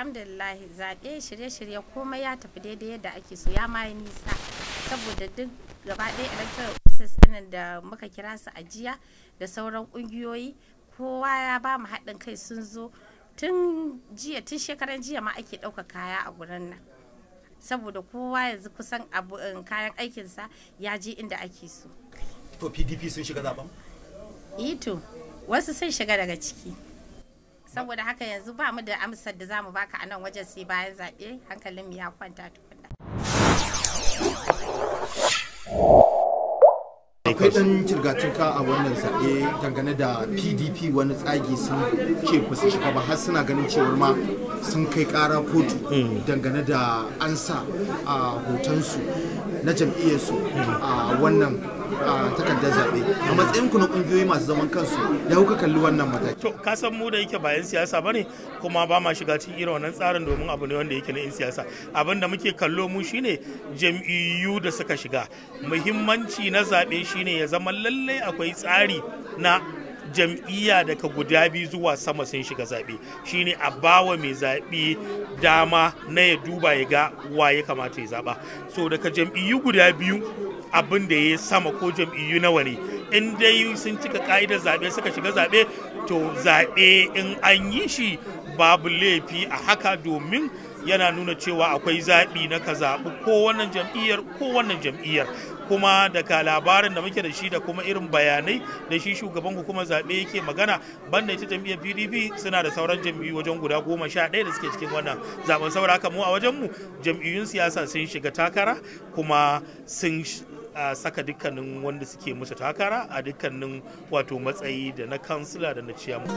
alhamdulillah zaɓe shirye-shirye komai ya tafi daidai yadda ake so ya ma nisa saboda duk gaba ɗaya electoral offices ɗin da muka kira su a jiya da sauran ƙungiyoyi kowa ya ba mu haɗin kai sun zo tun jiya tun shekaran jiya ma ake ɗauka kaya a gurin nan saboda kowa yanzu kusan abu eh, kayan aikinsa ya je inda ake so to pdp sun shiga zaben ito eh wasu sun shiga daga ciki saboda haka yanzu ba mu da amsar da zamu baka a nan wajen sai bayan zaɓe hankalin mu ya kwanta tukunna akwai dan cirga ka a wannan zaɓe dangane da pdp wani tsagi sun ce ba su shiga ba har suna ganin cewar ma sun kai ƙara kotu dangane da ansa a ah, hotonsu na jam'iyyarsu a ah, wannan takardar zaɓe a matsayin ku na ƙungiyoyi masu zaman kansu da kuka kalli wannan mataki. to ka san mu da yake bayan siyasa ba ne kuma ba ma shiga cikin irin wannan tsarin domin abu ne wanda yake na 'yan siyasa abin da muke kallo mu shine jam'iyyu da suka shiga muhimmanci na zaɓe shine ya zama lallai akwai tsari na jam'iyya daga guda biyu zuwa sama sun shiga zaɓe shine a bawa mai zaɓe dama na ya duba ya ga wa ya kamata ya zaɓa so daga jam'iyyu guda biyu abin da ya sama ko jam'iyyu nawa ne in dai sun cika ka'idar zaɓe suka shiga zaɓe to zaɓe in an yi shi babu laifi a haka domin yana nuna cewa akwai zaɓi na ka zaɓi ko wannan jam'iyyar ko wannan jam'iyyar kuma daga labarin da muke da shi da kuma irin bayanai da shi shugaban hukumar zaɓe yake magana banda ita jam'iyyar pdp suna da sauran jam'iyyu wajen guda goma sha ɗaya da suke cikin wannan zaɓen saura haka mu a wajenmu jam'iyyun siyasa sun shiga takara kuma sun a saka dukkanin wanda suke musu takara a dukkanin wato matsayi da na kansila da na ciyamu.